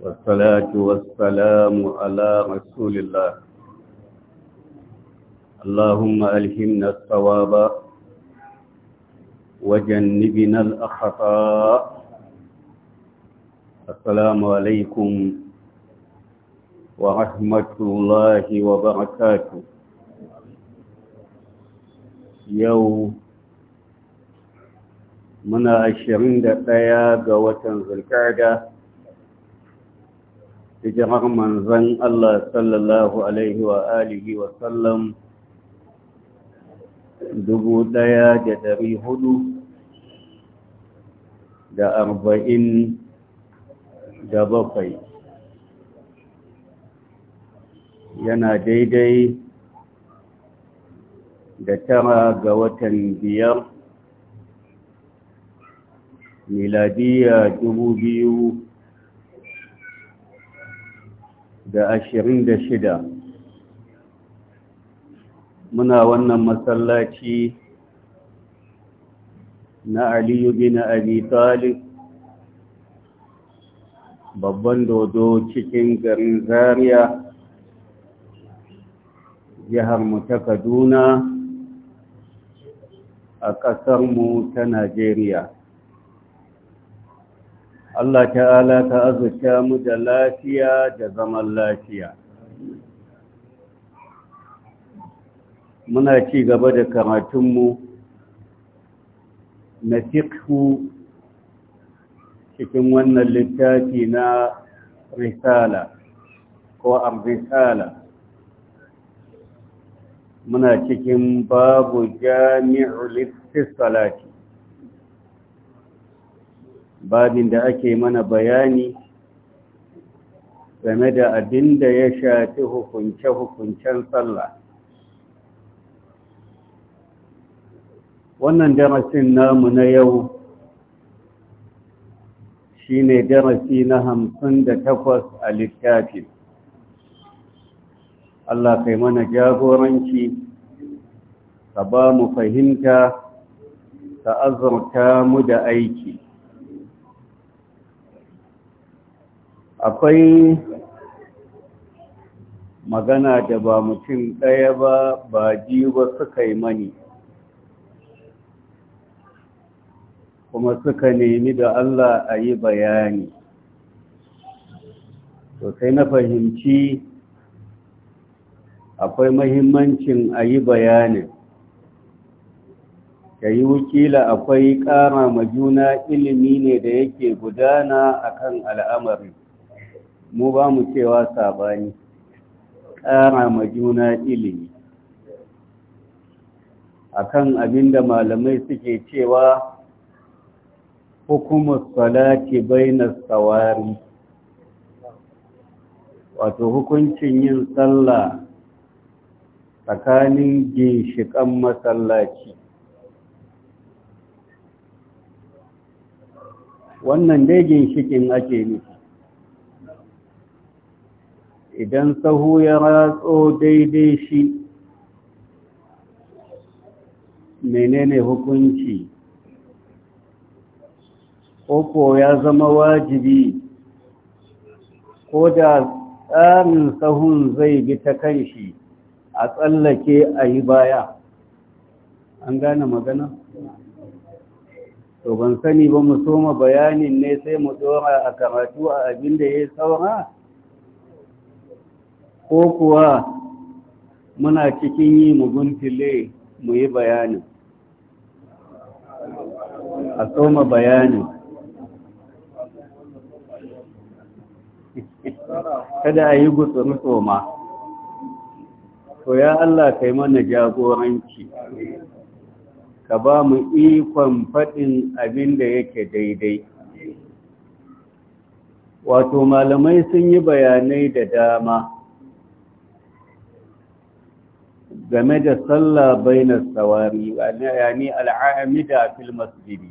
والصلاة والسلام على رسول الله اللهم ألهمنا الصواب وجنبنا الأخطاء السلام عليكم ورحمة الله وبركاته يوم muna ashirin da ɗaya ga watan zulkada hijirar manzan Allah sallallahu Alaihi wa alihi wa sallam dubu ɗaya da dari hudu da arba'in da bakwai yana daidai da tara ga watan biyar miladiya dubu biyu da ashirin da shida muna wannan masallaci na aliyu bin abi talib babban dodo cikin garin zaria jihar mu ta kaduna a ƙasarmu ta najeriya Allah ta'ala ka azurta mu da lafiya da zaman lafiya muna ci gaba da karatunmu na fikhu cikin wannan littafi na risala ko ar-risala muna cikin babu jami'ul istisalati babin da ake mana bayani game da abin da ya shafi hukunce-hukuncen sallah wannan darasin namu na yau shi ne darasi na hamsin da takwas a littafin Allah kai mana jagoranci ka ba mu fahimta ka azurta mu da aiki akwai magana da ba mutum ɗaya ba ba biyu ba suka yi mani kuma suka nemi da Allah a yi bayani to na fahimci akwai mahimmancin a yi bayanin Ya yi wukila akwai ƙara ma juna ilimi ne da yake gudana akan al'amari mu ba mu cewa sabani ƙara ma juna ilimi A akan abinda malamai suke cewa hukumar salati na tsawari wato hukuncin yin sallah tsakanin ginshiƙan masallaci wannan dai ginshiƙin ake nufi idan sahu ya ratso daidai shi menene hukunci koko ya zama wajibi ko da tsarin sahun zai bi ta kan shi a tsallake a yi baya an gane magana? to ban sani ba mu soma bayanin ne sai mu tsora a karatu a abin da ya saura ko kuwa muna cikin yi mugun tile mu yi bayanin a tsoma bayanin kada a yi gutsuri tsoma to ya Allah kai mana jagoranci ka ba mu ikon faɗin abin da yake daidai wato malamai sun yi bayanai da dama game da sallah bainar sawari ni al'amida fil masjidi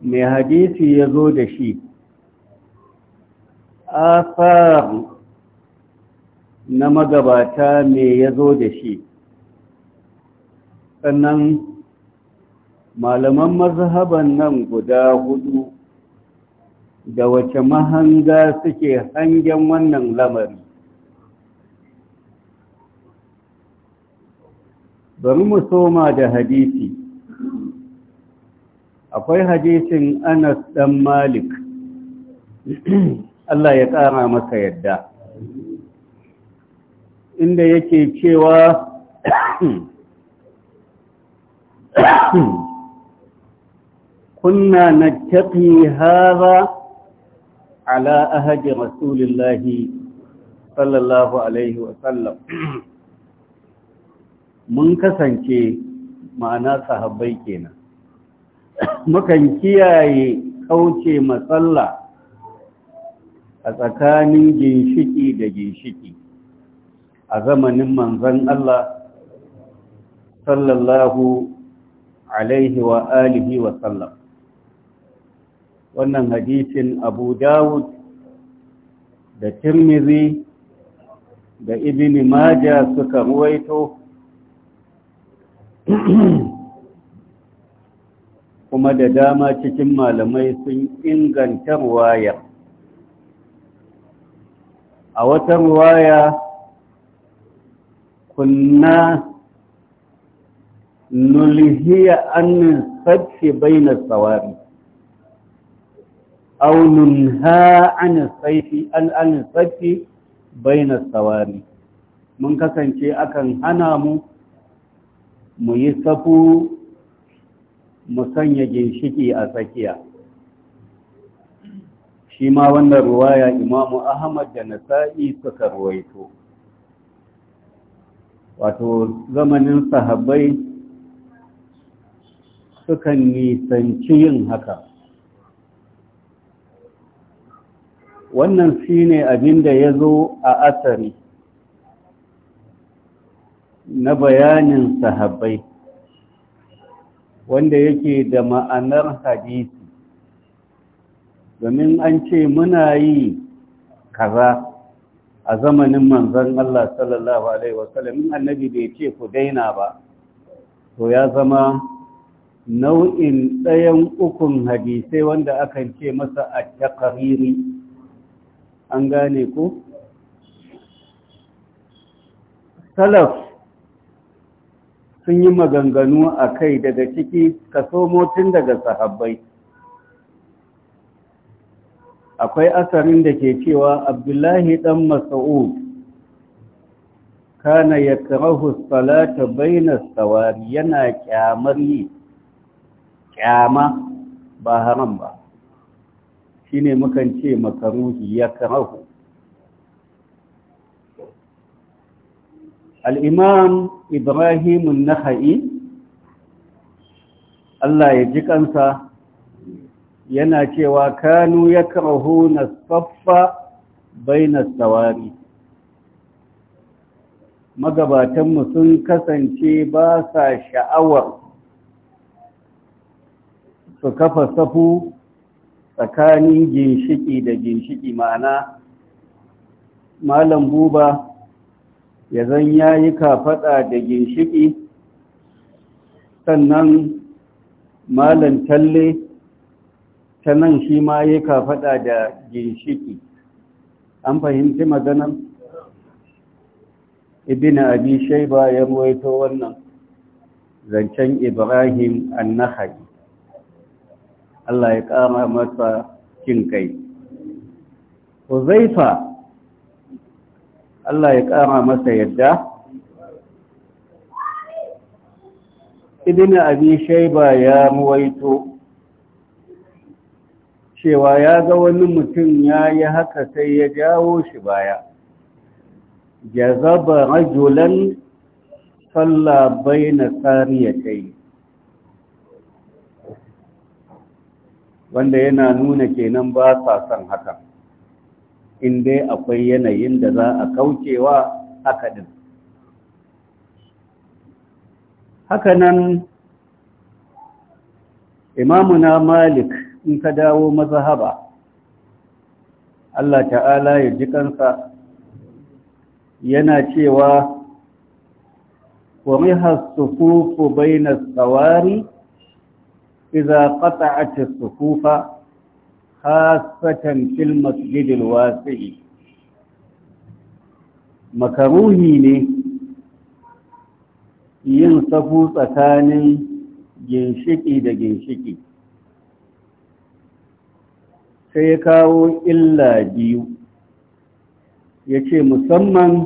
mai hadisi ya zo da shi asar na magabata mai ya zo da shi sannan malaman mazhaban nan guda hudu da wace mahanga suke hangen wannan lamari bari mu soma da hadisi akwai hadisin anas dan malik Allah ya kara masa yadda inda yake cewa kunna nattaqi hadha ala ahadi rasulillahi sallallahu alaihi wa sallam mun kasance ma'ana sahabbai kenan mukan kiyaye kauce matsala a tsakanin ginshiki da ginshiki a zamanin manzan Allah sallallahu alaihi wa alihi wa sallam wannan hadisin abu dawud da tirmizi da ibn maja suka ruwaito kuma da dama cikin malamai sun inganta ruwaya a wata ruwaya kunna nulhiya annin sabce bainar tsawari أو ننهى عن الصيف عن الصيف بين السواري mun kasance akan hana mu mu yi safu mu sanya ginshiki a tsakiya shi ma wannan ruwaya imamu ahmad da nasa'i suka ruwaito wato zamanin sahabbai sukan nisanci yin haka wannan shine abin da ya zo a asari na bayanin sahabbai wanda yake da ma'anar hadisi domin an ce muna yi kaza a zamanin manzon Allah sallallahu alaihi wasallam annabi bai ce ku daina ba to ya zama nau'in ɗayan ukun hadisai wanda aka ce masa a takariri an gane ku salaf sun yi maganganu a kai daga ciki kaso motin daga sahabbai akwai asarin da ke cewa abdullahi dan masa'ud kana yakrahu salata baina sawari yana kyamar yi kyama ba haram ba shine mukan ce makaruhi yakrahu al'imam ibrahimun naha'i Allah ya ji kansa yana cewa kanu ya karahu na saffa na tsawari magabatanmu sun kasance ba sa sha'awar su kafa safu tsakanin ginshiki da ginshiki ma'ana malam buba ya zan ya yi kafaɗa da ginshiƙi sannan malan talle ta nan shi ma ka kafaɗa da ginshiƙi an fahimci maganar ibina abi shaiba ya ruwaito wannan zancen ibrahim annahari Allah ya ƙara masa kin kai Huzaifa Allah ya ƙara masa yadda idina abi shaiba ya muwaito cewa ya ga wani mutum ya yi haka sai ya jawo shi baya ya zaba rajulan salla ya kai. wanda yana nuna kenan ba sa son hakan in dai akwai yanayin da za a kaucewa haka din hakanan imamuna malik in ka dawo mazahaba, Allah ta'ala ya ji kansa yana cewa ومها الصفوف بين iza إذا قطعت الصفوف khasatan fil masjidil wasi makaruhi ne yin safu tsakanin ginshiki da ginshiki sai ya kawo illa biyu ya ce musamman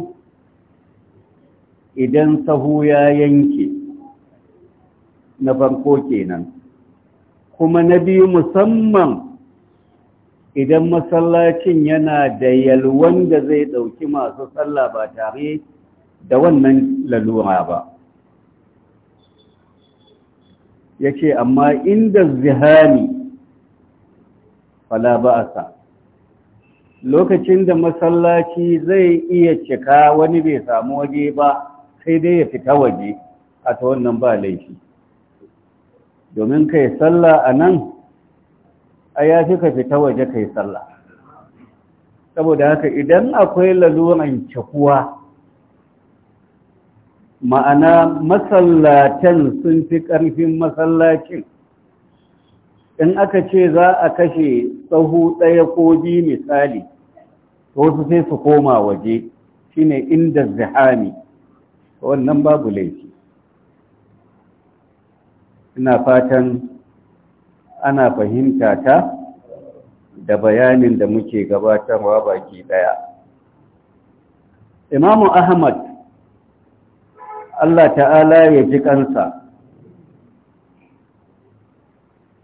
idan sahu ya yanke na farko kenan kuma na biyu musamman idan masallacin yana da yalwan da zai ɗauki masu sallah ba tare da wannan lalura ba yace amma inda zihani fala sa lokacin da masallaci zai iya cika wani bai samu waje ba sai dai ya fita waje a ta wannan ba laifi domin kai sallah a nan a ya fi ka fita waje ka yi sallah saboda haka idan akwai laluran cakuwa ma'ana masallatan sun fi ƙarfin masallacin in aka ce za a kashe tsohu ɗaya ko biyu misali to wasu sai su koma waje shine inda zihami wannan babu laifi ina fatan ana fahimta ta da bayanin da muke gabatarwa baki daya imamu ahmad Allah ta'ala ya ji kansa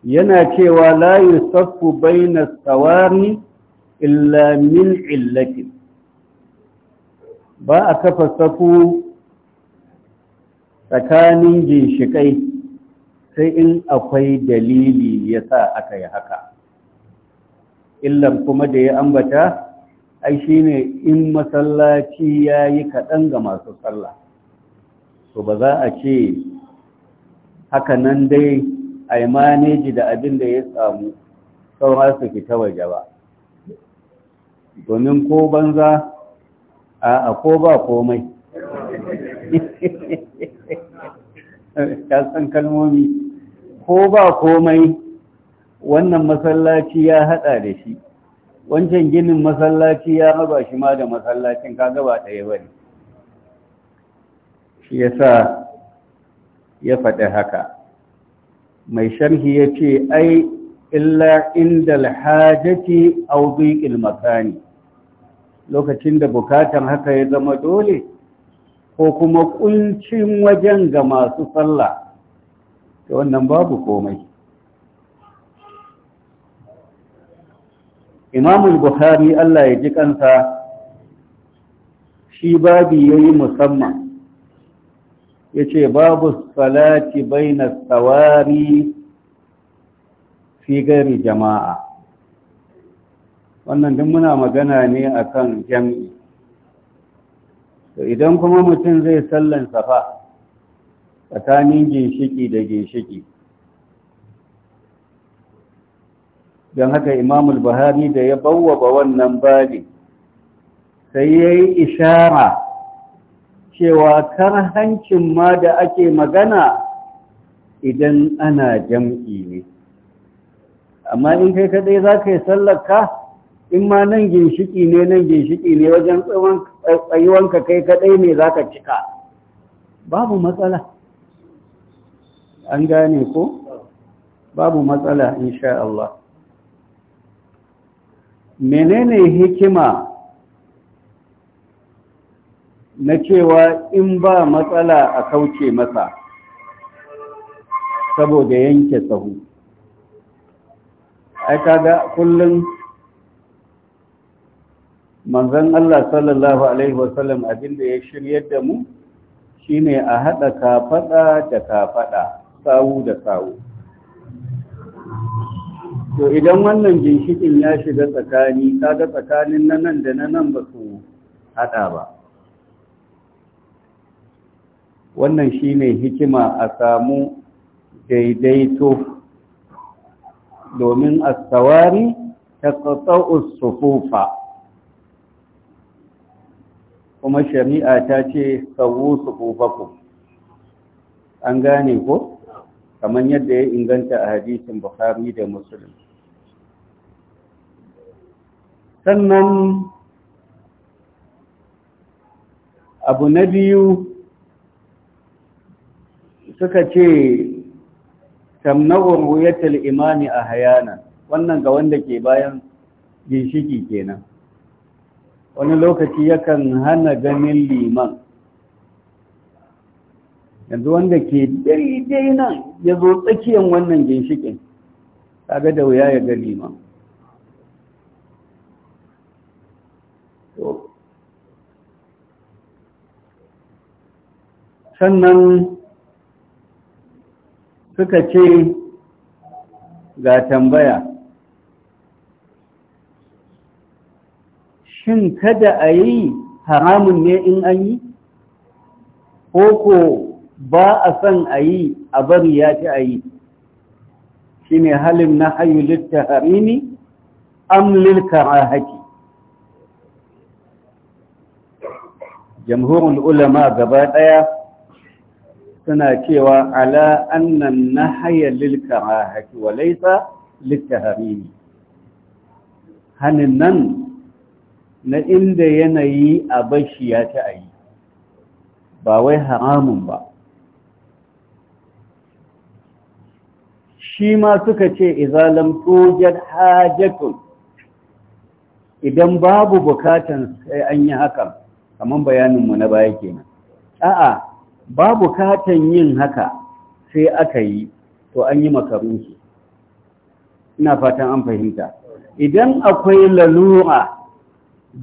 yana cewa la yusaffu bayna tsawani illa min illati ba a kafa safu tsakanin ginshikai sai in akwai dalili ya sa aka yi haka illar kuma da ya ambata ai shi ne in masallaci ya yi kaɗan ga masu tsalla. to ba za a ce haka nan dai a yi maneji da abin da ya samu sauran su fita waje ba domin ko banza a ko ba komai ya san kalmomi ko ba komai wannan masallaci ya haɗa da shi wancan ginin masallaci ya raba shi ma da masallacin kaga ba ɗaya ba ne shi ya sa ya faɗi haka mai sharhi ya ce ai illa inda alhajati au dhiqil makani lokacin da bukatan haka ya zama dole ko kuma kuncin wajen ga masu sallah to wannan babu komai imamul buhari Allah ya ji kansa shi babi yayi musamman yace babu salati bai sawari fi gari jama'a wannan din muna magana ne akan jami'i to idan kuma mutum zai sallan safa tsakanin ginshiki da ginshiki don haka imamul buhari da ya bawwaba wannan bali sai ya yi ishara cewa kar hancin ma da ake magana idan ana jam'i ne amma in kai kaɗai za ka yi sallaka in ma nan ginshiki ne nan ginshiki ne wajen tsayuwanka kai kaɗai ne za ka cika babu matsala an gane ko babu matsala insha Allah menene hikima na cewa in ba matsala a kauce masa saboda yanke sahu ai kaga kullun manzon Allah sallallahu alaihi wasallam abinda ya shiryar da mu shine a hada kafada da kafada sawu da sawu to idan wannan ginshikin ya shiga tsakani kaga tsakanin na nan da na nan ba su haɗa ba wannan shi ne hikima a samu daidaito domin a tsawari ta as-sufufa kuma shari'a ta ce sawu ku. an gane ko kamar yadda ya inganta a hadisin Bukhari da Muslim sannan abu na biyu suka ce tamna'ur ruyatul imani a hayana wannan ga wanda ke bayan ginshiki kenan wani lokaci yakan hana ganin liman yanzu wanda ke daidai nan ya zo tsakiyar wannan ginshikin kaga da wuya ya ga liman sannan suka ce ga tambaya shin kada a yi haramun ne in an yi ko ko ba a son a yi a bari ya ci a yi shi ne halin na hayu littaharini amlil karahati jamhurin ulama gaba ɗaya suna cewa ala annan na haya lil karahati wa laisa littaharini hannun nan na inda yanayi a bashi ya ci a yi ba wai haramun ba shi ma suka ce izalam tujar hajjatun idan babu bukatan sai an yi hakan kamar bayaninmu na baya kenan a'a babu bukatan yin haka sai aka yi to an yi makarunsu ina fatan an fahimta idan akwai lalura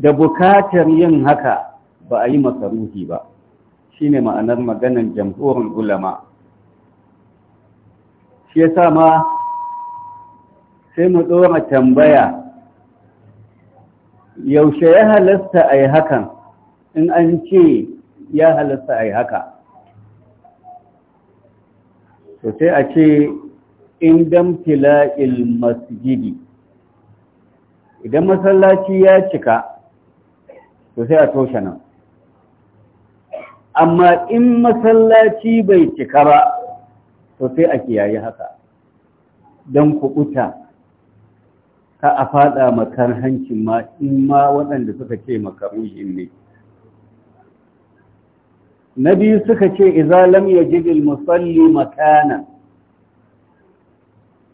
da bukatar yin haka ba a yi makaruhi ba shine ma'anar maganar jamhurin ulama shi ya sa ma sai mu tsoron tambaya yaushe ya halasta a yi hakan in an ce ya halasta a yi haka to sai a ce in damtila ilmasjidi idan masallaci ya cika to sai a toshe nan amma in masallaci bai cika ba to sai a kiyaye haka don kuɓuta ka a faɗa makar hancin ma in ma waɗanda suka ce makaruhin ne na biyu suka ce Iza lam ya jidil musalli makana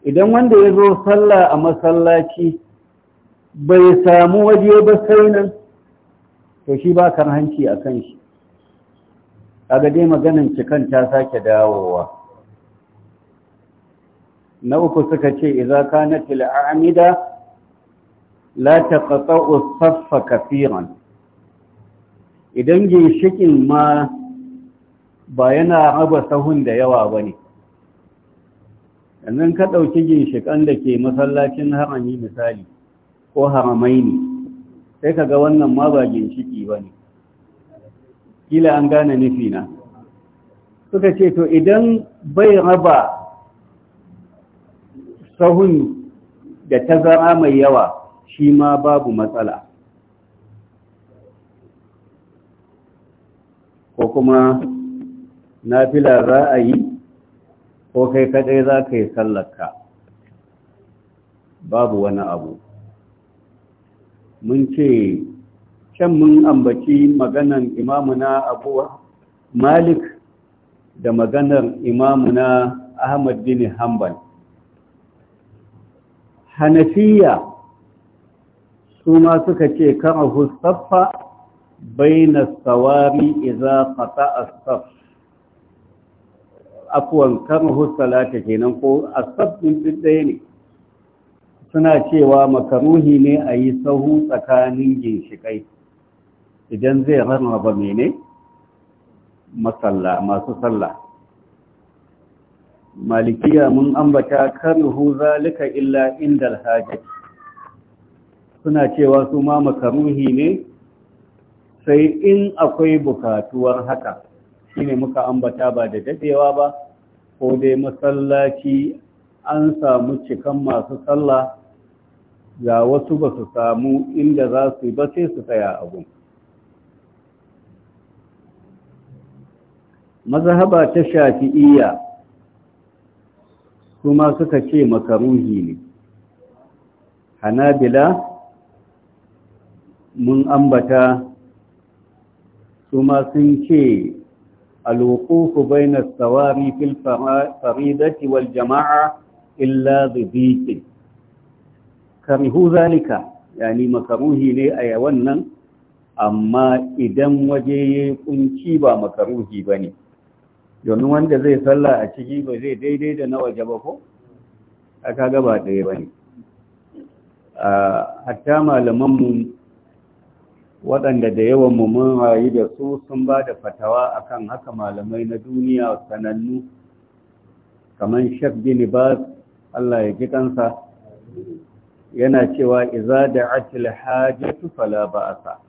idan wanda ya zo sallah a masallaci bai samu waje ba sai nan to shi ba kan hanci a kan shi A dai maganin cikan ta sake dawowa na uku suka ce idza til amida la taqta'u saffa kafiran idan ginshikin ma ba yana raba sahun da yawa bane sannan ka ɗauki ginshikan da ke masallacin harami misali ko haramai ne sai kaga wannan ma ba ginshiki ba ne kila an gane nufi na suka ce to idan bai raba sahun da ta tazara mai yawa shi ma babu matsala ko kuma nafila za a yi ko kai kadai za ka yi sallarka babu wani abu mun ce can mun ambaci maganan imamuna abu malik da maganar imamuna ahmad bin hanbal hanafiya su ma suka ce kama hustaffa baina sawari iza fata asaf afuwan kama hustalata kenan ko asaf din ɗaya ne suna cewa makaruhi ne a yi sahu tsakanin ginshikai idan zai rarraba mene masu sallah malikiya mun ambata karuhu zalika illa indal hajj suna cewa su ma makaruhi ne sai in akwai bukatuwar haka shine muka ambata ba da dadewa ba ko dai masallaci an samu cikan masu sallah ga wasu ba su samu inda za su yi ba sai su tsaya abu mazhaba ta shafi'iyya Kuma suka ce makaruhi ne hanabila mun ambata Kuma sun ce alwukufu bainas tsawari fil faridati wal jama'a illa zubikin karihu zalika yani makaruhi ne a yawan nan amma idan waje ya kunci ba makaruhi ba ne domin wanda zai sallah a ciki ba zai daidai da na waje ba ko a kaga ba ɗaya bane hatta hatta mu waɗanda da yawan mu mun rayu da su sun ba da fatawa akan haka malamai na duniya sanannu kamar shek bin bas Allah ya ji kansa yana cewa iza da atil hajjatu fala ba'asa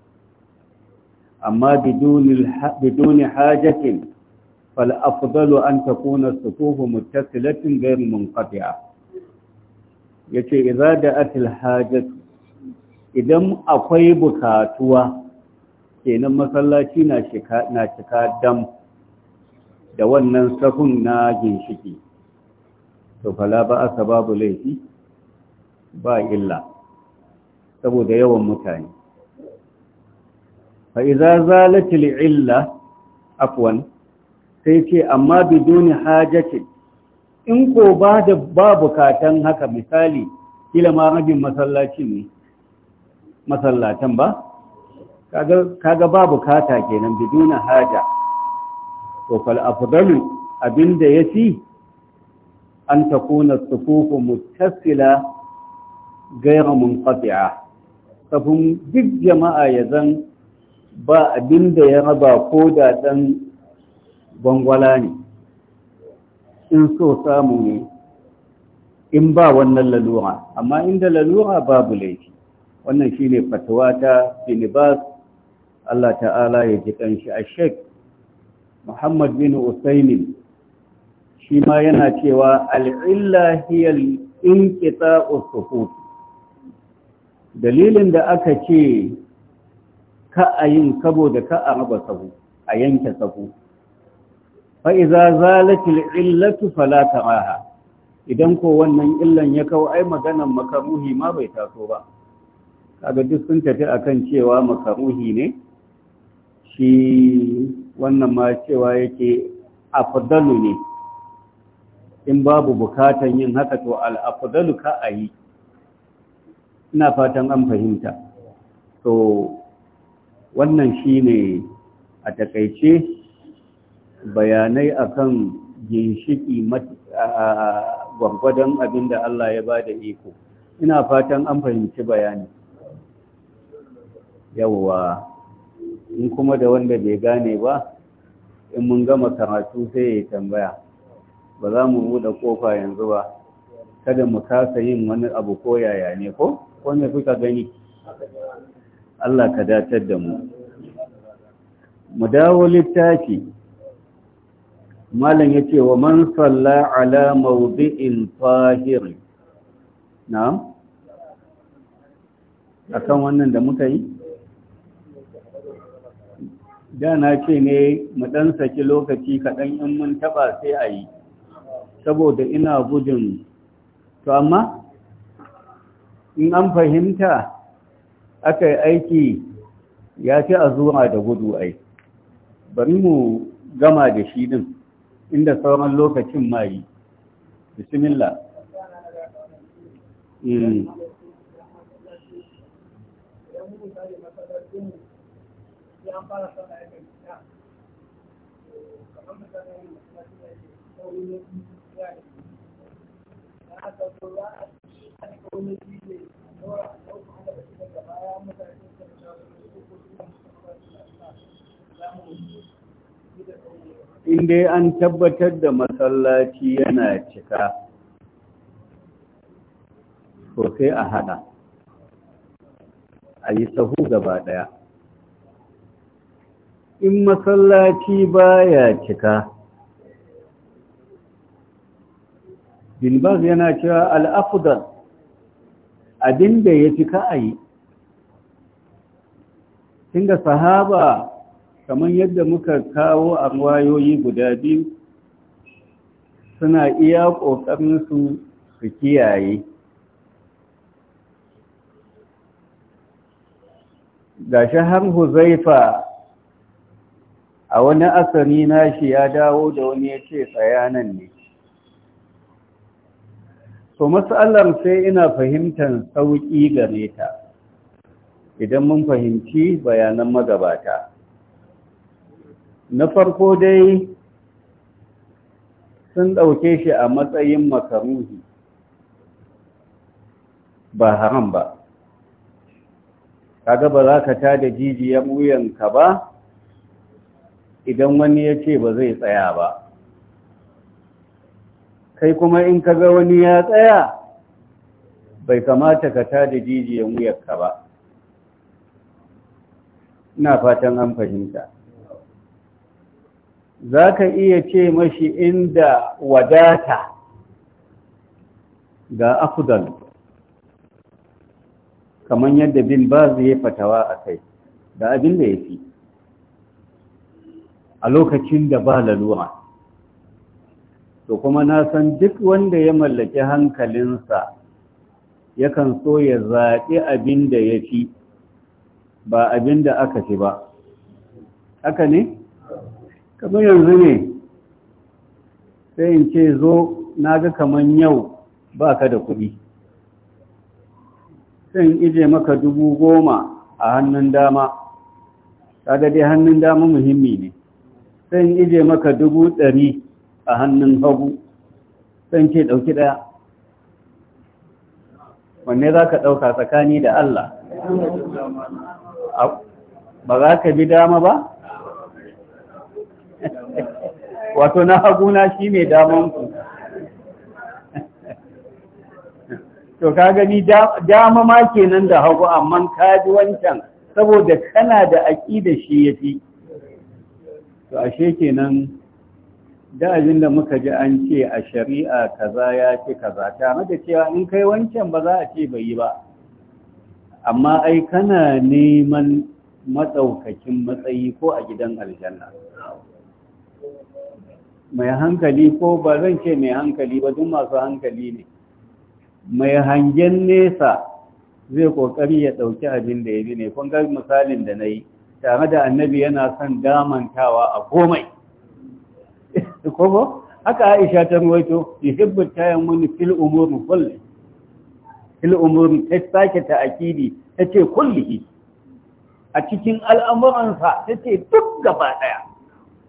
amma biduni hajatin فالأفضل أن تكون الصفوف متصلة غير منقطعة yace idza da'at alhajat idan akwai bukatuwa kenan masallaci na na cika dam da wannan safun na ginshiki to fala ba sababu laifi ba illa saboda yawan mutane fa idza zalat illa afwan sai ce amma biduni hajati in ko ba da ba bukatan haka misali kila ma rabin masallaci ne masallatan ba kaga kaga ba bukata kenan biduni haja to fal afdalu abinda yasi an takuna sufufu muttasila gaira munqati'a kafin duk jama'a ya zan ba abinda ya raba ko daɗan. gwangwala ne in so samu ne in ba wannan lalura amma inda lalura babu laifi wannan shine fatawa ta binibas Allah ta'ala ya ji shi a shek Muhammad bin usainin shi ma yana cewa al'illa hiyar inkita dalilin da aka ce ka a yin saboda ka a raba sabo a yanke sabo. fa'iza zalatul illatu falata aha idan ko wannan illan ya kawo ai maganan makaruhi ma bai taso ba kaga duk sun tafi akan cewa makaruhi ne shi wannan ma cewa yake afdalu ne in babu bukatan yin haka to al-afdalu ka ayi ina fatan an fahimta to wannan shine a takeice bayanai akan ginshiki gwangwadon abin da Allah ya ba da iko ina fatan an fahimci bayani yawwa in kuma da wanda bai gane ba in mun gama karatu sai ya tambaya ba za mu buɗe ƙofa yanzu ba kada mu kasa yin wani abu ko yaya ne ko ko kuka gani Allah ka datar da mu mu dawo littafi malam ya ce wa man salla ala mawdi'in fahir na'am akan wannan da muka yi da na ce ne mu dan saki lokaci kaɗan in mun taɓa sai a yi saboda ina gudun to amma in an fahimta aka yi aiki ya ce a zuwa da gudu ai bari mu gama da shi din inda sauran lokacin mai bismillah eh. Thank you. in dai an tabbatar da masallaci yana cika to a hada a yi sahu gaba daya in masallaci baya cika bilbaz yana cewa al'afudar abinda ya cika a yi sahaba kamar yadda muka kawo a wayoyi guda biyu suna iya ƙoƙarinsu su kiyaye ga shi har huzaifa a wani asali nashi ya dawo da wani ya ce tsayanan ne to matsalar sai ina fahimtar sauƙi gare ta idan mun fahimci bayanan magabata na farko dai sun ɗauke shi a matsayin makaruhi ba haram ba kaga ba za ka tada jijiyar wuyanka ba idan wani ya ce ba zai tsaya ba kai kuma in ka ga wani ya tsaya bai kamata ka tada jijiyar wuyanka ba ina fatan an fahimta za ka iya ce mashi inda wadata ga afudal kamar yadda bin ba zai yi fatawa a kai da abin da ya fi a lokacin da ba lalura to kuma na san duk wanda ya mallaki hankalinsa yakan so ya zaɓi abin da ya fi ba abin da aka fi ba haka ne kamar yanzu ne sai in ce zo na ga kamar yau ba ka da kuɗi sai in ije maka dubu goma a hannun dama ta dai hannun dama muhimmi ne sai in ije maka dubu ɗari a hannun hagu sai in ce ɗauki ɗaya wanne za ka ɗauka tsakani da Allah ba za ka bi dama ba wato na haguna shi ne damanku to ka gani dama ma kenan da hagu amma ka ji wancan saboda kana da da shi ya fi to ashe kenan da abin da muka ji an ce a shari'a kaza ya ce kaza ta. maka cewa in kai wancan ba za a ce bai yi ba amma ai kana neman matsaukakin matsayi ko a gidan aljanna mai hankali ko ba zan ce mai hankali ba duk masu hankali ne mai hangen nesa zai kokari ya dauki abin da ya bi ne kun ga misalin da nayi tare da annabi yana son damantawa a komai ko ba haka Aisha ta ruwaito yuhibbu tayammunu fil umuri kulli fil umuri ta sake ta akidi tace kulli a cikin al'amuransa tace duk gaba daya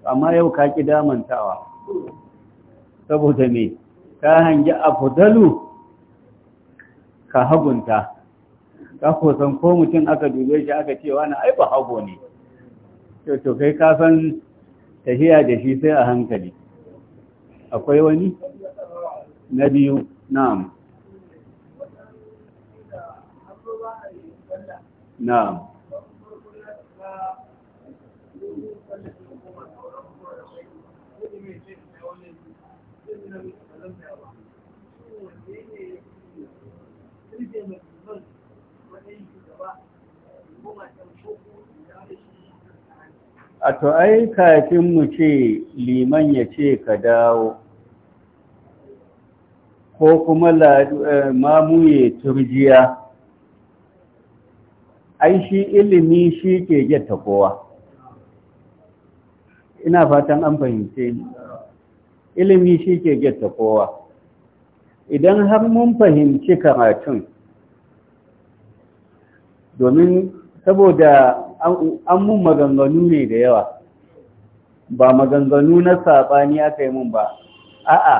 amma yau ka ki damantawa saboda me ka hangi afdalu ka hagunta ka kusan ko mutum aka dube shi aka ce wani ai ba hago ne to kai ka san tafiya da shi sai a hankali akwai wani na biyu na'am na'am a to ai kafin mu ce liman ya ce ka dawo ko kuma eh, mamuye turjiya ai shi ilimi shi ke getta kowa ina fatan an fahimce ni ilimi shi ke getta kowa idan har mun fahimci karatun domin saboda an mun maganganu ne da yawa ba maganganu na saɓani aka yi mun ba a'a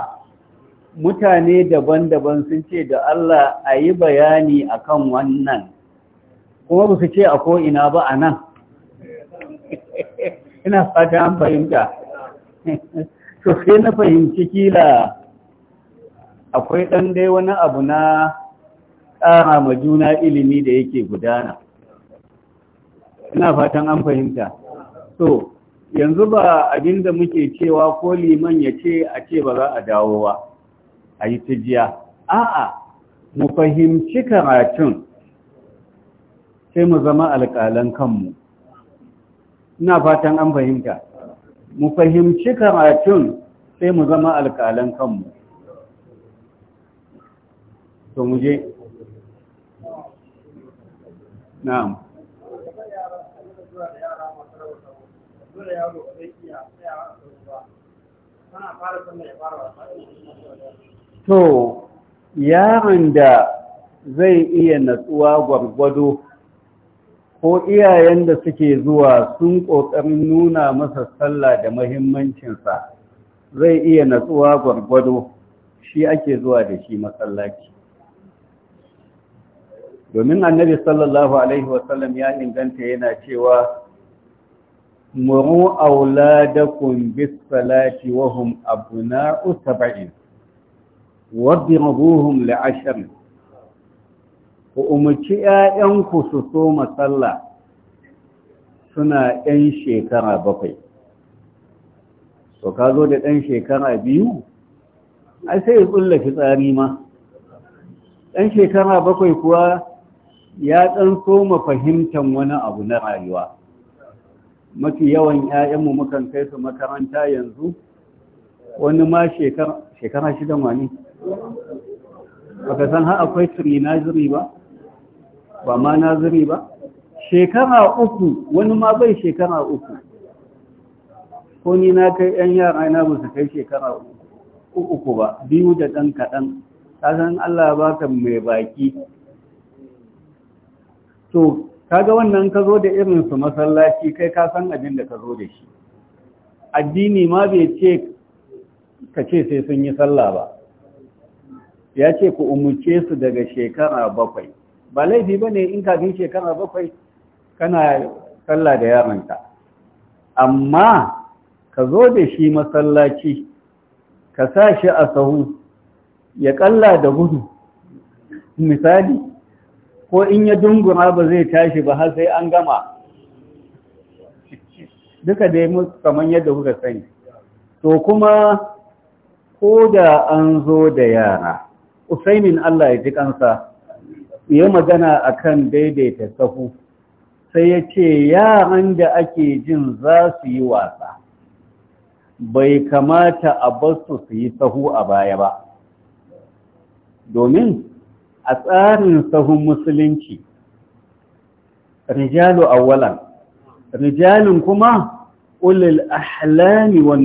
mutane daban-daban sun ce da Allah a yi bayani akan wannan kuma ba su ce a ko'ina ba a nan ina fata an fahimta to sai na fahimci kila akwai ɗan dai wani abu na ƙara ma juna ilimi da yake gudana ina fatan an fahimta To yanzu ba abinda muke cewa ko liman ya ce a ce ba za a dawo ba a yi tijiya a'a mu fahimci karatun sai mu zama alƙalan kanmu ina fatan an fahimta mu fahimci karatun sai mu zama alƙalan kanmu to mu je na'am to yaron da zai iya natsuwa gwargwado ko iyayen da suke zuwa sun ƙoƙarin nuna masa sallah da mahimmancinsa zai iya natsuwa gwargwado shi ake zuwa da shi masallaci domin annabi sallallahu alaihi wasallam ya inganta yana cewa muru auladakum bis salati wa hum abna'u sab'in wadribuhum li'ashrin ku umarci ‘ya'yanku su so matsalla suna ‘yan shekara bakwai to ka zo da ɗan shekara biyu a sai ya tsulla fitsari ma ɗan shekara bakwai kuwa ya ɗan soma fahimtar wani abu na rayuwa mafi yawan 'ya'yanmu mukan kai su makaranta yanzu wani ma shekara shidan wani baka san har akwai trinaziri ba ba ma naziri ba shekara uku wani ma bai shekara uku ko ni na kai yan yara na ba kai shekara uku ba biyu da ɗan kaɗan san Allah ba ka mai baki to kaga wannan ka zo da irinsu masallaci kai ka san abin da ka zo da shi addini ma bai ce ka ce sai sun yi sallah ba ya ce ku umurce su daga shekara bakwai ba laifi ba ne in kafin shekara bakwai kana sallah da yaranta, amma ka zo da shi masallaci ka sa shi a sahu ya kalla da gudu misali ko in ya dungura ba zai tashi ba har sai an gama duka dai kamar yadda kuka sani to kuma ko da an zo da yara usainin Allah ya ji kansa ya magana a kan daidaita sahu sai ya ce yaran da ake jin za su yi wasa bai kamata a basu su yi sahu a baya ba domin a tsarin sahun musulunci rijalu awwalan rijalun kuma ulul ahlami wan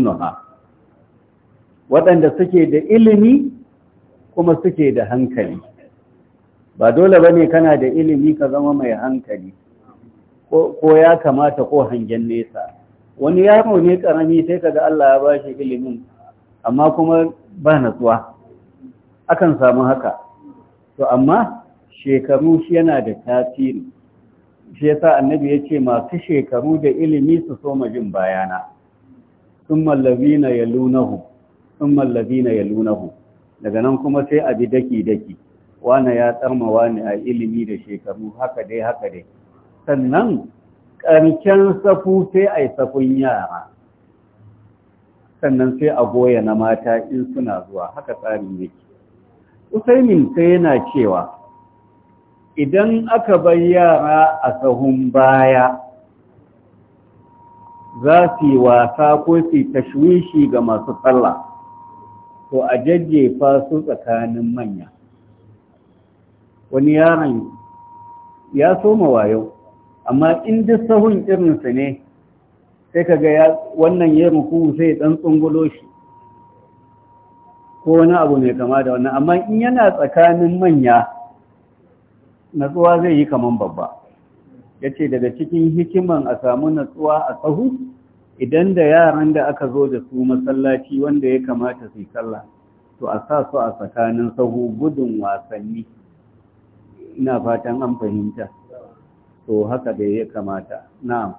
waɗanda suke da ilimi kuma suke da hankali ba dole bane kana da ilimi ka zama mai hankali ko ya kamata ko hangen nesa wani yaro ne karami sai kaga Allah ya bashi ilimin amma kuma ba natsuwa akan samu haka to amma shekaru shi yana da tasiri shi yasa annabi ya ce masu shekaru da ilimi su so majin bayana thumma allazina yalunahu thumma allazina yalunahu daga nan kuma sai abi daki daki wane ya tsarma wane a ilimi da shekaru haka dai haka dai sannan ƙarshen safu sai a yi safun yara sannan sai a goya na mata in suna zuwa haka tsarin yake usaimin sai yana cewa idan aka bar yara a sahun baya za su yi wasa ko su tashwishi ga masu tsalla to a jajjefa su tsakanin manya wani yaron ya soma wayo amma in duk sahun irinsa ne sai ka ga wannan ya muku sai dan tsungulo shi ko wani abu mai kama da wannan amma in yana tsakanin manya natsuwa zai yi kaman babba ya ce daga cikin hikiman a samu natsuwa a tsahu idan da yaran da aka zo da su masallaci wanda ya kamata su yi sallah to a sa su a tsakanin sahu gudun wasanni ina fatan an fahimta to haka da ya kamata na.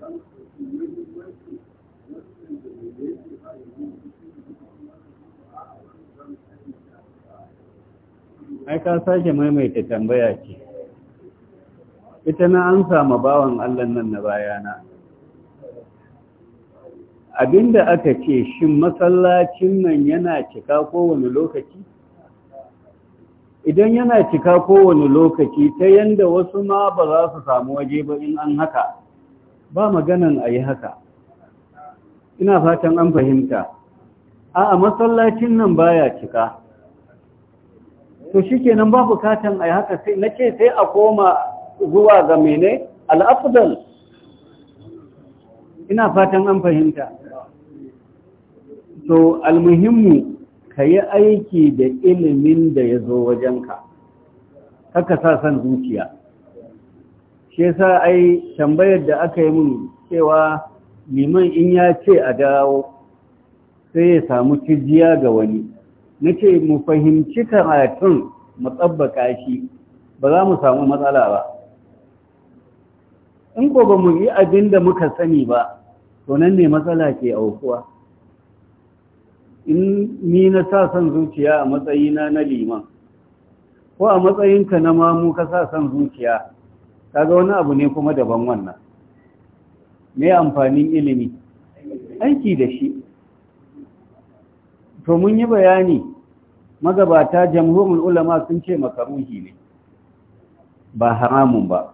Thank you. ai ka sake maimaita tambaya ce ita na an samu bawan Allah nan na bayana abinda aka ce shin masallacin nan yana cika kowane lokaci idan yana cika kowane lokaci ta yanda wasu ma ba za su samu waje ba in an haka ba maganan a yi haka ina fatan an fahimta a masallacin nan baya cika to shi kenan ba bukatan ai haka sai nace sai a koma zuwa ga mene al-afdal ina fatan an fahimta to al ka kayi aiki da ilimin da yazo wajenka haka sa san zuciya shi yasa ai tambayar da aka yi mun cewa liman in ya ce a dawo sai ya samu cijiya ga wani na ce mu fahimci karatun mu tsabbaka shi ba za mu samu matsala ba in ko ba mu yi abin da muka sani ba to nan ne matsala ke aukuwa in ni na sa son zuciya a matsayina na liman ko a matsayinka na mamu ka sa son zuciya kaga wani abu ne kuma daban wannan me amfanin ilimi aiki da shi to mun yi bayani magabata jamhurul ulama sun ce makaruhi ne ba haramun ba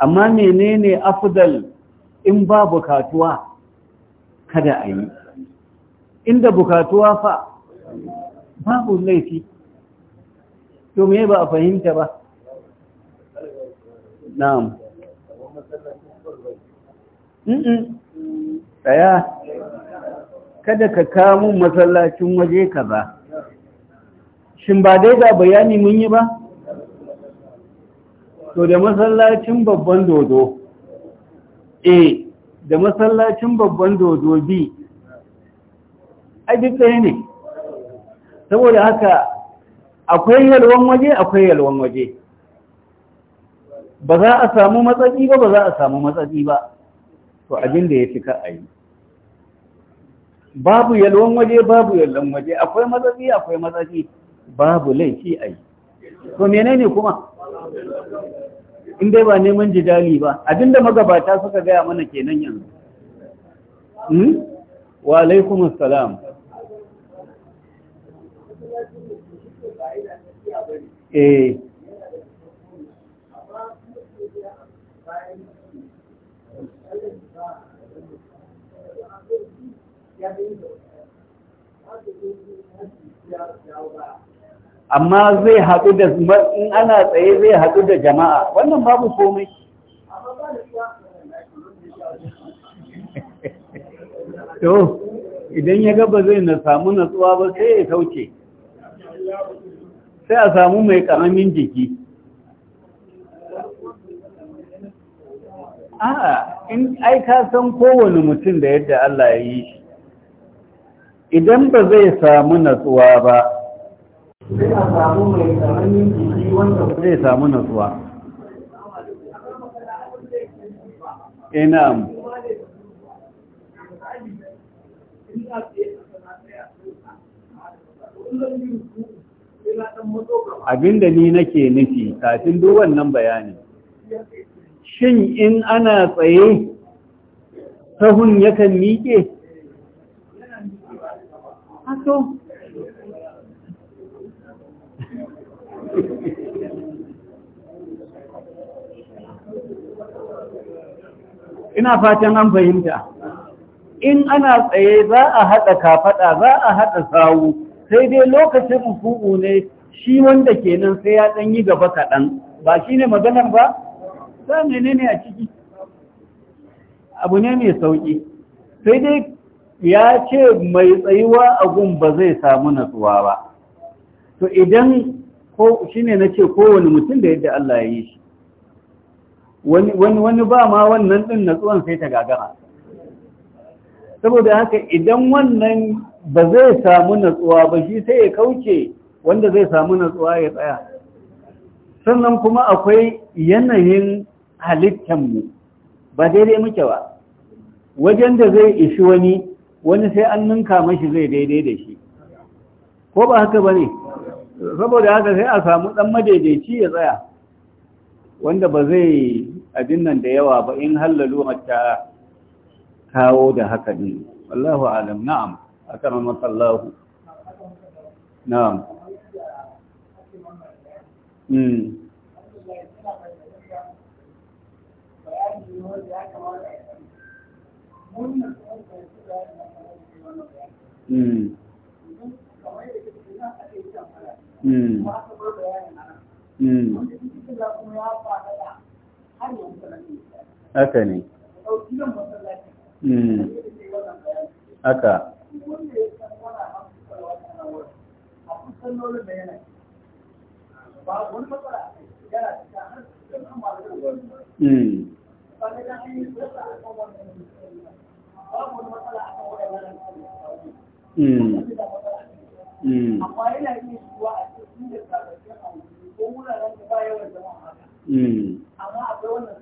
amma menene afdal in ba bukatuwa kada a yi inda bukatuwa fa babu laifi to me ba a fahimta ba na'am mm kada ka kamo masallacin waje ka ba shin ba dai ga bayani mun yi ba to da masallacin babban dodo a eh, da masallacin babban dodo b a duk ne saboda haka akwai yalwan waje akwai yalwan waje ba za a samu matsaki ba ba za a samu matsaki ba to abin da ya fi ka a yi babu yalwan waje babu yalwan waje akwai mazafi akwai mazafi babu laifi a yi to menene kuma in dai ba neman jidali ba abinda magabata suka gaya mana kenan yanzu hmm? wa alaikum assalam eh amma zai haɗu da in ana tsaye zai haɗu da jama'a wannan babu komai to idan ya gaba zai na samu natsuwa ba sai ya sauke sai a samu mai ƙaramin jiki a in aika san kowane mutum da yadda Allah ya yi shi idan ba zai samu natsuwa ba zai samu natsuwa ina eh, abinda ni nake nufi kafin duk wannan bayani shin in ana tsaye sahun yakan miƙe ina fatan an fahimta in ana tsaye za a haɗa kafaɗa za a haɗa sawu sai dai lokacin ruku'u ne shi wanda kenan sai ya ɗan yi gaba kaɗan ba shi ne maganar ba Sa ne ne a ciki abu ne mai sauƙi sai dai ya ce mai tsayuwa a gun ba zai samu natsuwa ba to idan ko na ce kowane mutum da yadda Allah ya yi shi wani ba ma wannan din natsuwan sai ta gagara saboda haka idan wannan ba zai samu natsuwa ba shi sai ya kauce wanda zai samu natsuwa ya tsaya sannan kuma akwai yanayin halittanmu ba daidai muke ba wajen da zai ishi wani wani sai an ninka mashi zai daidai da shi ko ba haka ba ne saboda haka sai a samu ɗan madaidaici ya tsaya wanda ba zai abin nan da yawa ba in hallalu ta kawo da haka ne wallahu alam na'am akramaka Allah na'am mm wannan haka ne hmm. haka Mm. Mm. amma yana iya zuwa a cikin da sababbin abu ko wuraren da ba yawan zama haka mm. amma akwai wannan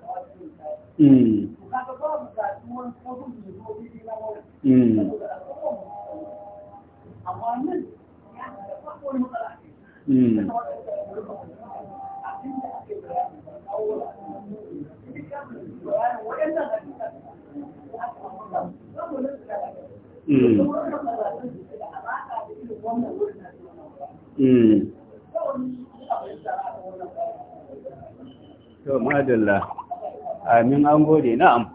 mm. wani ko duk Adalla, amin an gode na'am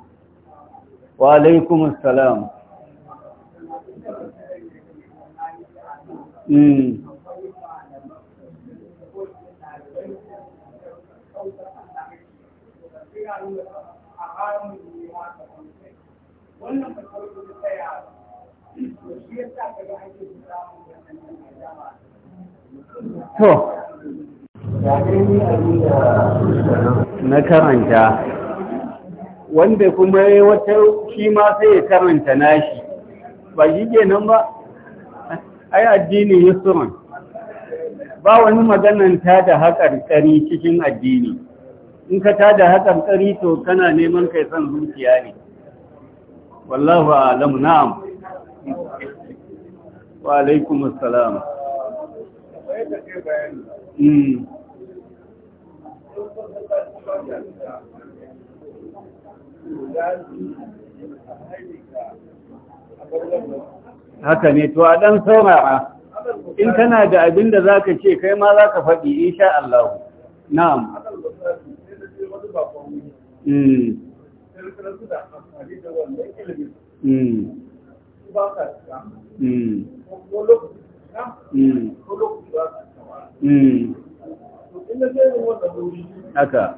wa alaikum salam. mm to na karanta wanda kuma ya wata shi ma sai ya karanta nashi ba shi ke nan ba ai addini yusrun ba wani maganan ta da haƙarƙari cikin addini in ka ta da haƙarƙari to kana neman kai son zuciya ne wallahu alam na'am wa salam hmm. haka ne to a ɗan saurara in kana da abin da za ka ce kai ma za ka faɗi insha Allah na'am hmm. Hmm. Hmm. haka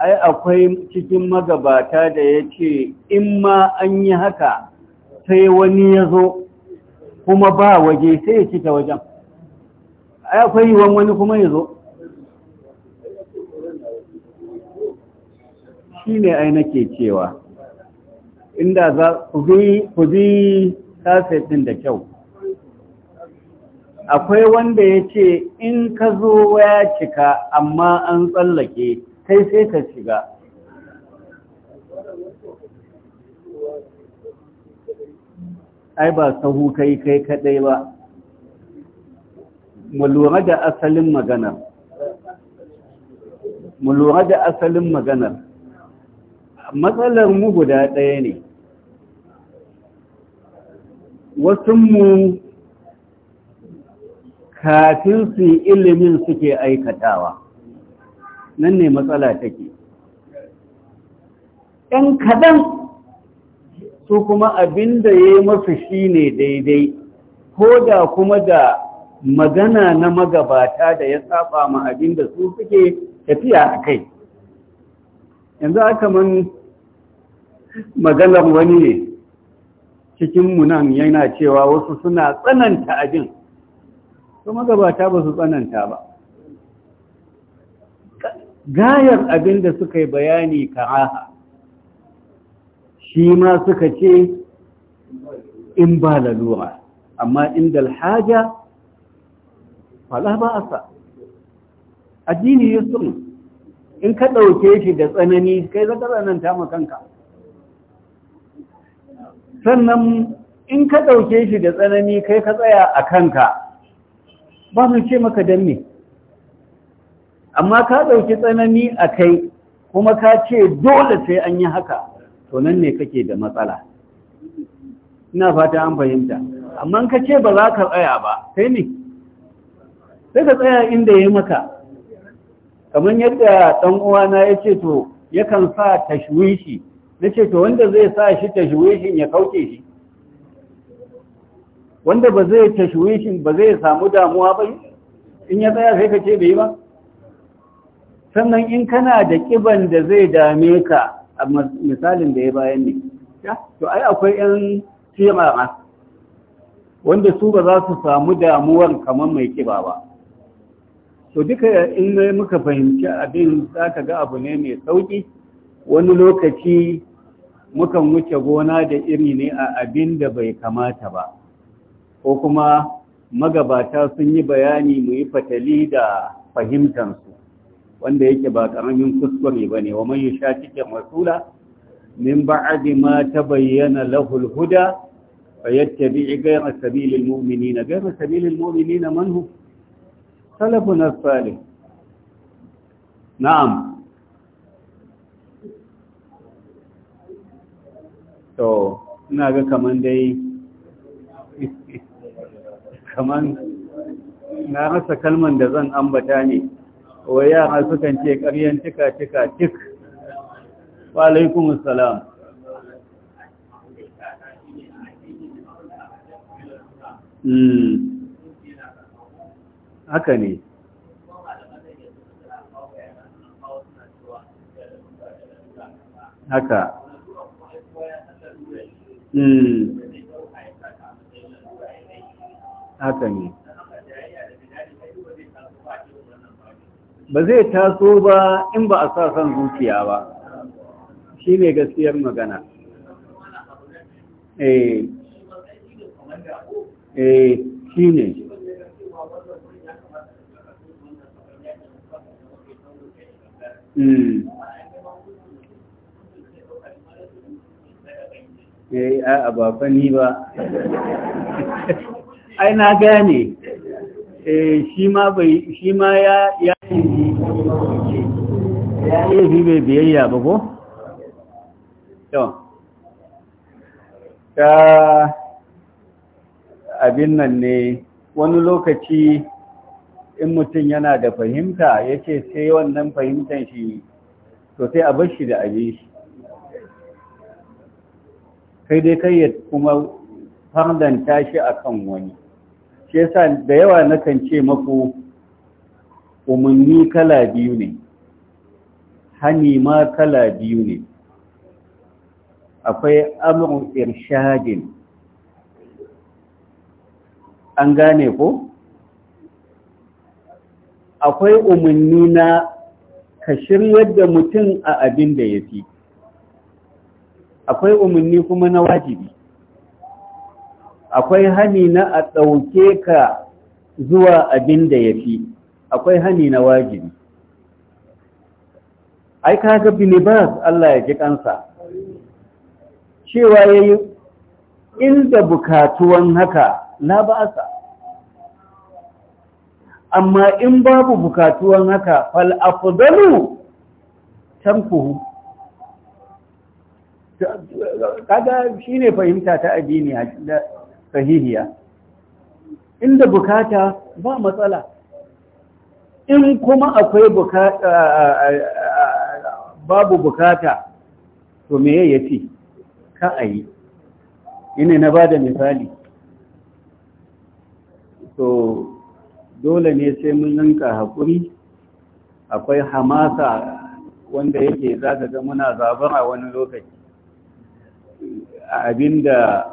ai akwai cikin magabata da ya ce in ma an yi haka sai wani ya zo kuma ba waje sai ya cika wajen ai akwai yiwon wani kuma ya zo shi ne ai nake cewa inda za ku bi kasafin da kyau akwai wanda ya ce in ka zo ya cika amma an tsallake kai sai ka shiga ai ba sahu kai kai kaɗai ba mu da asalin maganar da asalin maganar matsalar mu guda ɗaya ne Wasu wasunmu kafin su ilimin suke aikatawa nan ne matsala take ɗan kaɗan su kuma abin da ya yi masu shi ne daidai ko da kuma da magana na magabata da ya saba ma abin da su suke tafiya a kai yanzu aka man maganar wani ne cikinmu nan yana cewa wasu suna tsananta abin su magabata ba su tsananta ba gayar abin da suka yi bayani karaha shi ma suka ce in ba lalura amma inda alhaja fala ba a sa addini ya sun in ka ɗauke shi da tsanani kai zaka tsananta ma kanka sannan in ka ɗauke shi da tsanani kai ka tsaya a kanka ba mu ce maka don me amma ka ɗauki tsanani a kai kuma ka ce dole sai an yi haka to nan ne kake da matsala ina fata an fahimta amma ka ce ba za ka tsaya ba sai ne sai ka tsaya inda ya yi maka kamar yadda ɗan uwana ya ce to yakan sa tashwishi na ce to wanda zai sa shi tashwishin ya kauce shi wanda ba zai tashwishin ba zai samu damuwa ba in ya tsaya sai ka ce bai ba sannan in kana da ƙiban da zai dame ka a misalin da ya bayan ne to ai akwai 'yan sirara wanda su ba za su samu damuwar kamar mai ƙiba ba to duka in muka fahimci abin za ka ga abu ne mai sauƙi wani lokaci mukan wuce gona da iri ne a abin da bai kamata ba ko kuma magabata sun yi bayani mu yi fatali da fahimtansu wanda yake ba karamin kuskure ba ne wa man cikin rasula min ba'di ma tabayyana lahu al-huda yadda ghayra sabili al-mu'minina ghayra Gaira al-mu'minina man hu salafun salih na'am to ina ga kaman dai kaman na rasa kalman da zan ambata ne wa yara sukan ce ƙaryen cika-cika cik wa alaikum salam. Hmm. haka ne haka hmm. haka ne ba zai taso ba in ba a sa son zuciya ba shi ne gaskiyar magana eh eh shi ne hmm. Eh, a ba fani ba. Ai, na gane, eh, shi ma ya laifi eh, mai biyayya ba ko? ta abin nan ne wani lokaci in mutum yana da fahimta ya ce sai wannan fahimtar shi to sai a bashi da abin shi kai dai kai ya kuma fardanta shi kan wani shi yasa da yawa nakan ce maku umarni kala biyu ne hani ma kala biyu ne akwai Amurin irshadin an gane ko akwai umarni na kashin yadda da mutum a abin da ya fi akwai umarni kuma na wajibi akwai hani na a ɗauke ka zuwa abin da ya fi akwai hani na wajibi ai kaga bilibas Allah ya ji kansa cewa yayi inda bukatuwan haka ba ba'asa amma in babu bukatuwan haka fal afdalu tanfuhu kaga shine fahimta ta addini da sahihiya inda bukata ba matsala in kuma akwai babu bukata to me ya ce ka a yi ina na ba da misali to dole ne sai mun yanka hakuri, akwai hamasa wanda yake za ga muna zaben a wani lokaci abinda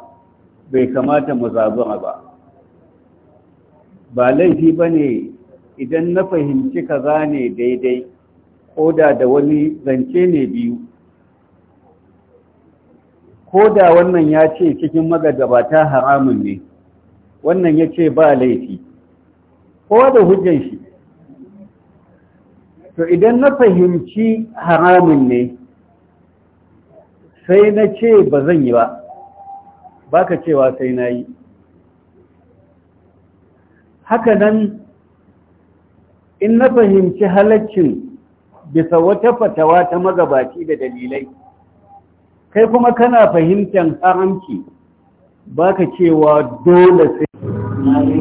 bai kamata mu zaben ba ba laifi ba ne idan na fahimci kaza ne daidai koda da wani zance ne biyu koda wannan ya ce cikin magagabata haramun ne wannan ya ce ba laifi ko da hujjan shi to idan na fahimci haramun ne sai na ce ba zan yi ba baka cewa sai na yi haka nan in na fahimci halaccin bisa wata fatawa ta magabaci da dalilai kai kuma kana fahimtar haramci ka cewa dole sai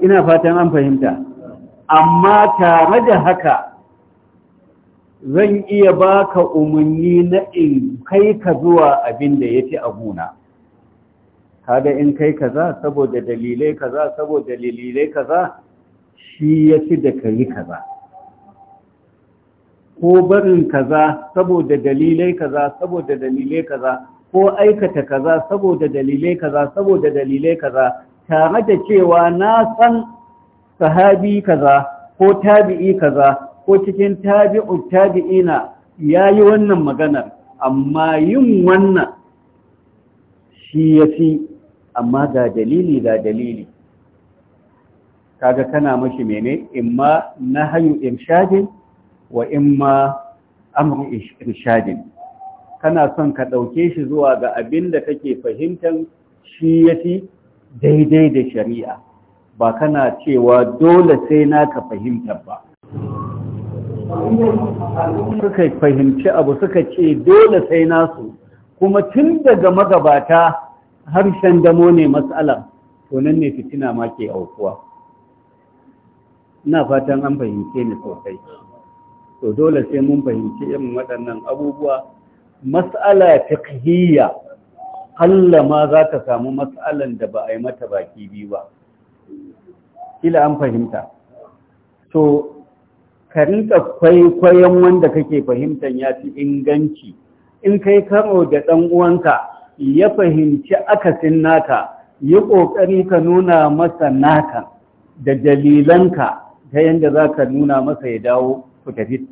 ina fatan an fahimta amma tare da haka zan iya ba ka umarni na in kai ka zuwa abin da ya fi abuna Kada in kai kaza saboda dalilai kaza saboda dalilai kaza shi ya fi da ka yi kaza ko barin kaza saboda dalilai kaza saboda dalilai kaza ko aikata kaza saboda dalilai kaza saboda dalilai kaza tare da cewa na san sahabi kaza ko tabi'i kaza ko cikin tabi'u tabi'ina yi wannan maganar amma yin wannan shi ya fi amma ga dalili ga dalili kaga kana mashi mene imma hayu irshadin wa imma amru irshadin kana son ka dauke shi zuwa ga abin da kake fahimtar shi yati daidai da shari'a ba kana cewa dole sai naka fahimtar ba suka fahimci abu suka ce dole sai nasu kuma tun daga magabata harshen damo ne matsala tonan ne fitina ma ke aukuwa ina fatan an fahimce ni sosai to dole sai mun fahimci irin waɗannan abubuwa mas'ala fiqhiyya Allah ma za ka samu mas'alan da ba a yi mata baki biyu ba kila an fahimta to ka rinka kwaikwayon wanda kake fahimtan ya fi inganci in kai karo da ɗan uwanka ya fahimci akasin naka yi ƙoƙari ka nuna masa naka da dalilanka ta yanda za ka nuna masa ya dawo ku tafi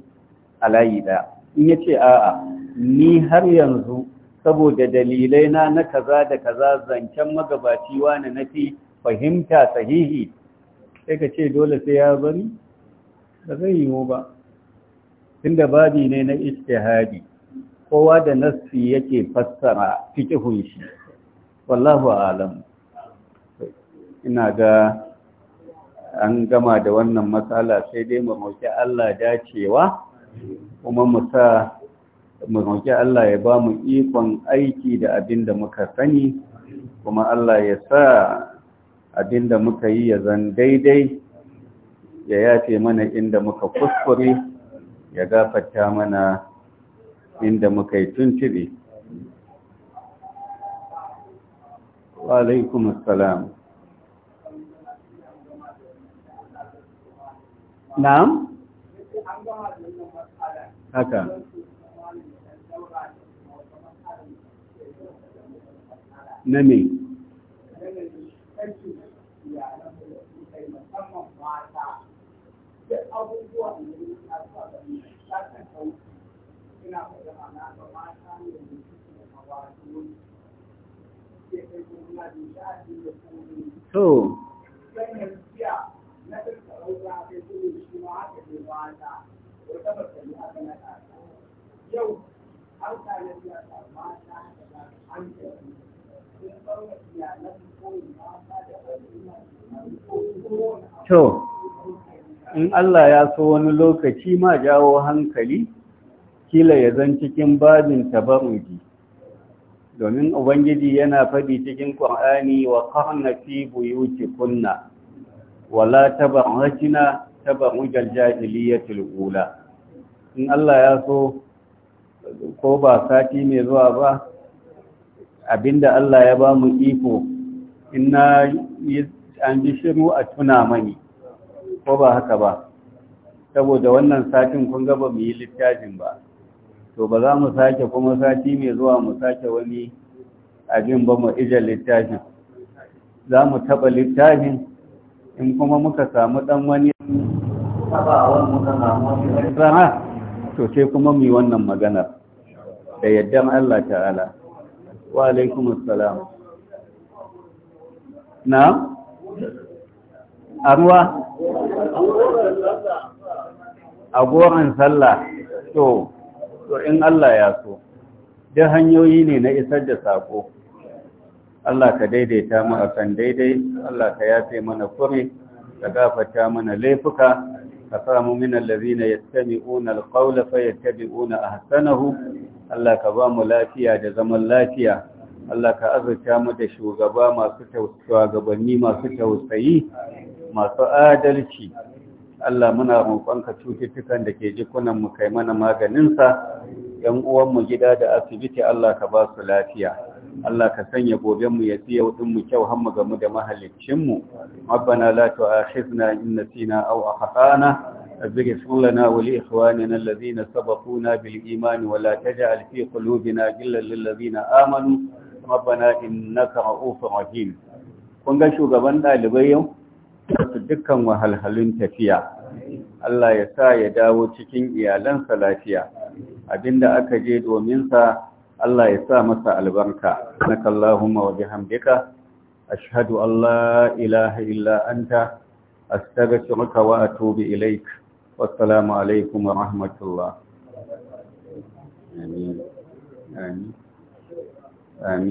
a layi ɗaya in ya ce a'a ni har yanzu saboda dalilai na na kaza da kaza zancen magabaci wani na fi fahimta sahihi sai ka ce dole sai ya bari ba zai yiwu ba Tun da babi ne na istihadi kowa da nassi yake fassara kihun shi wallahu a'lam ina ga an gama da wannan matsala sai dai mu roƙi Allah dacewa kuma mu sa mu roƙi Allah ya ba mu ikon aiki da abin da muka sani kuma Allah ya sa abin da muka yi ya zan daidai ya yafe mana inda muka kuskure ya gafata mana inda muka yi tuntube. Wa alaikumussalam. na'am haka na me To, To, in Allah ya so wani lokaci ma jawo hankali, kila ya zan cikin babin tabaruji, domin Ubangiji yana faɗi cikin ƙwa'ani wa ƙarnafi buyuki kunna, wala tabarajina tabarujal jahiliyatul ula in Allah ya so ko ba sati mai zuwa ba abinda Allah ya ba mu iko inna an bi shiru a tuna mani ko ba haka ba saboda wannan satin kun ga ba mu yi littafin ba to ba za mu sake kuma sati mai zuwa mu sake wani abin ba mu ija littafin za mu taɓa littafin in kuma muka samu ɗan wani rana to sai kuma mu wannan magana da yaddan Allah ta'ala wa alaikum assalam na arwa a goron sallah to to in Allah ya so da hanyoyi ne na isar da sako Allah ka daidaita mu kan daidai Allah ka yafe mana kure ka gafata mana laifuka كسام من الذين يستمعون القول فيتبعون أحسنه الله كبام لافيا جزم لافيا الله كأذكى مدى شوغبا ما ستو شوغبني ما ستو سيه ما سؤادلتي Allah muna roƙon roƙonka cututtukan da ke jikunan mu kai mana maganin maganinsa, ‘yan mu gida da asibiti Allah ka ba su lafiya. Allah ka sanya gobenmu ya siya yau mu kyau har mu gamu da mahalicinmu rabbana la tu'akhizna in nasina aw na alladhina sabaquna bil iman wa la taj'al fi qulubina illa lil ladina amanu. ربنا innaka رؤوف rahim. kun ga shugaban ɗalibai yau su dukkan wahalhalun tafiya Allah ya sa ya dawo cikin iyalansa lafiya abinda aka je domin sa Allah ya sa masa albarka naka Allahumma wa bihamdika ashhadu an la ilaha illa anta astaghfiruka wa atubu ilaik wassalamu alaikum wa rahmatullah amin amin amin